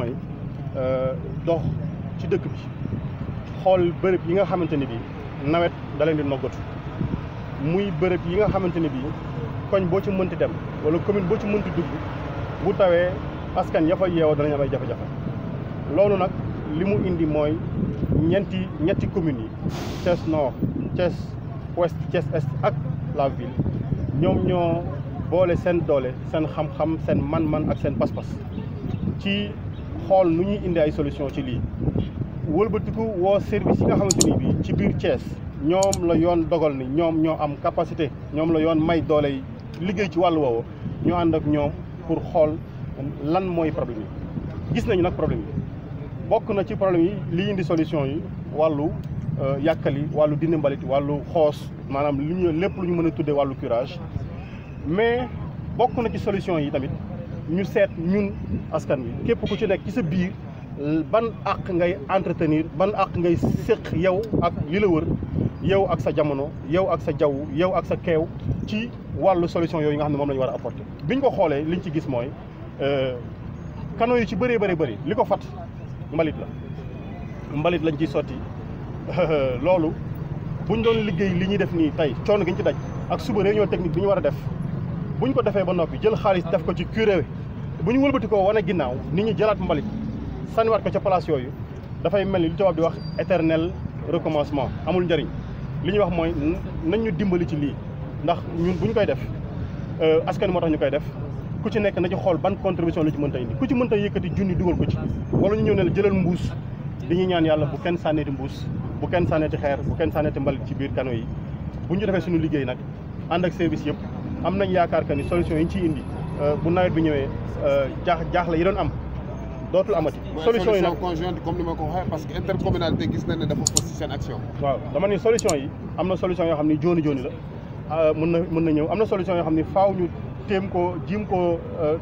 mooy euh, dox ci dëkk bi xool bërëb yi nga xamante ni bii nawet da leen di noggatu muy bërëb yi nga xamante ni bii koñ boo ci mënti dem wala commune boo ci mënti dugg bu tawee askan ya fa yeewoo danañ am ay loolu nag li mu indi mooy ñeenti ñetti communes yi Thiès nord Thiès ouest est ak la ville ñoom ñoo boole seen doole seen xam-xam seen man-man ak seen pas ci xool nu ñuy indi ay solution ci lii wëlbatiku woo service yi nga bi ci biir cees ñoom la yoon dogal ni ñoom ñoo am capacité ñoom la yoon may doole yi liggéey ci wàllu woowu ñu ànd ak ñoom pour xool lan mooy problème yi gis nañu nag problème bokk na ci problème yi li indi solution yi wàllu euh, yàkkali wàllu dindi mbalit wàllu xoos maanaam li ñu lépp lu ñu mën a tuddee wàllu curage mais bokk na ci solution yi tamit ñu seet ñun askan wi képp ku ci nekk ci sa biir ban àq ngay entretenir ban àq ngay séq yow ak li la wër yow ak sa jamono yow ak sa jaww yow ak sa keew ci wàllu solution yooyu nga xam ne moom la war a apporter. bi ñu ko xoolee liñ ci gis mooy euh, canaux yu ci bëree bëri bëri li ko fat mbalit la mbalit lañ ciy sotti loolu buñ doon liggéey li ñuy def nii tey coono gi ñu ci daj ak suba ñoo technique bi ñu war a def buñ ko defee ba noppi jël xaalis def ko ci curé bu ñu wëlbatikoo wane ginnaaw ni ñu jalaat mbalit sànniwaat ko ca place yooyu dafay mel ni li tubaab di wax eternel recommencement amul njëriñ li ñuy wax mooy nañ ñu dimbali ci lii ndax ñun bu ñu koy def euh, askan moo tax ñu koy def ku ci nekk na ci xool ban contribution la ci mën a indi ku ci mën a yëkkati junni dugal ko ci wala ñu ñëw ne la jëlal mbuus di ñuy ñaan yàlla bu kenn sànneeti mbuus bu kenn sànneeti xeer bu kenn sànneeti mbalit ci biir kano yi bu ñu defee suñu liggéey nag ànd ak service yëpp am nañ yaakaar que solution yi ñu indi Euh, bu nawet bi ñëwee euh, jaax jaaxle yi doon am dootul amati. solution yi nag conjointe comme ko waxee parce que intercommunalité gis nañ ne dafa fës ci seen action. waaw dama ni solution yi am na solution yoo xam ni jooni jooni la euh, mën na mën na ñëw am na solution yoo xam ni faaw ñu téem koo jiim koo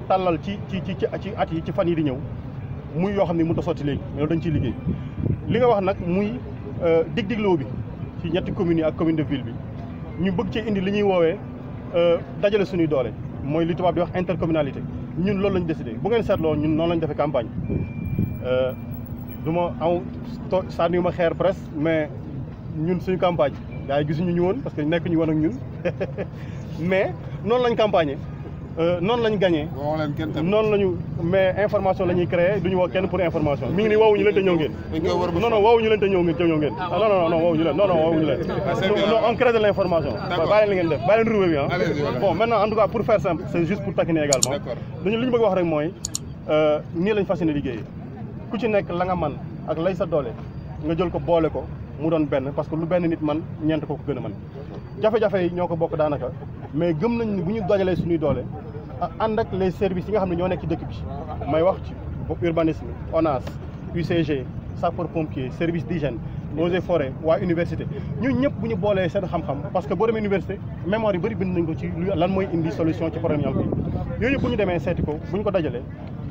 tàllal ci ci ci ci at yi ci fan yi di ñëw muy yoo xam ni mënut a sotti léegi loolu dañ ciy liggéey li nga wax nag muy dig-digloo bi ci ñetti communes yi ak commune de ville bi ñu bëgg cee indi li ñuy woowee dajale sunuy doole. moy li tubaab di wax intercommunalité ñun loolu lañ décidé bu ngeen seetloo ñun non lañ defee campagne euh duma aw sànni ma xeer presse mais ñun suñu campagne gars yi gisuñu ñu won parce que nekk ñu won ak ñun mais non lañ campagne euh, non lañ gagné. non lañu mais information lañuy créer duñu woo kenn pour information mi ngi nii woowuñu leen ñow ñëw ngeen. non non woowuñu leen te ñow ngeen te ngeen. Ah, non non non woowuñu leen non non woowuñu leen. Ah, non on crée de l'information ba d' accord bàyyi leen li ngeen def ba leen ruube bi ah. bon maintenant en tout cas pour faire simple c'est juste pour taquiner également. dañu accord bëgg wax rek moy euh ni lañ fas yéene liggéey ku ci nekk la nga man ak lay sa doole nga jël ko boole ko mu doon benn parce que lu benn nit man ñent ko ko gën a man jafe-jafe yi ñoo ko bokk daanaka mais gëm nañ ni bu ñu dojalee suñuy doole ànd ak les services yi nga xam ne ñoo nekk ci dëkk bi may wax ci urbanisme ONAS UCG sapeur pompier service d'hygiène eaux et forêt waa université ñun ñëpp bu ñu boolee seen xam-xam parce que boo demee université mémoire yu bëri bind nañ ko ci lan mooy indi solution ci problème yi am fii yooyu bu ñu demee seeti ko bu ñu ko dajalee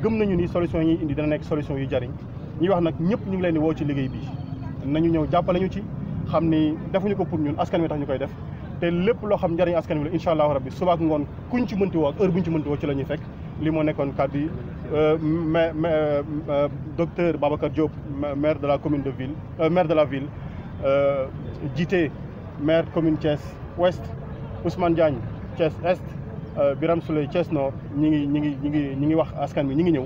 gëm nañu ni solution yi indi dina nekk solution yu jariñ ñuy wax nag ñëpp ñu ngi leen di woo ci liggéey bii nañu ñëw jàppale ñu ci xam ni defuñu ko pour ñun askan wi tax ñu koy def te lépp loo xam njëriñ askan wi la incha allahu rabbi subaak ngoon kuñ ci mënti woo ak heure buñ ci mënti woo ci la ñuy fekk li moo nekkoon kàddu yi euh, mais euh, docteur Babacar Diop maire de la commune de ville euh, maire de la ville jiite maire commune Thiès west Ousmane Diagne Thiès est Birame Souleye Thiès nord ñi ngi ñi ngi ñi ngi ñi ngi wax askan wi ñi ngi ñëw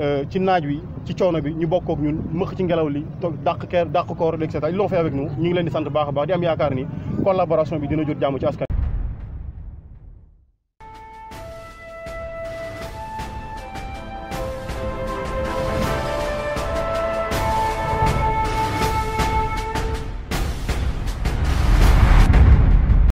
Euh, ci naaj wi ci coono bi ñu bokkook ñun mëq ci ngelaw li dàq keer dàq koor léegi c'est ils l'ont fait avec ñu leen di sant baax a baax di am yaakaar ni collaboration bi dina jur jàmm ci askan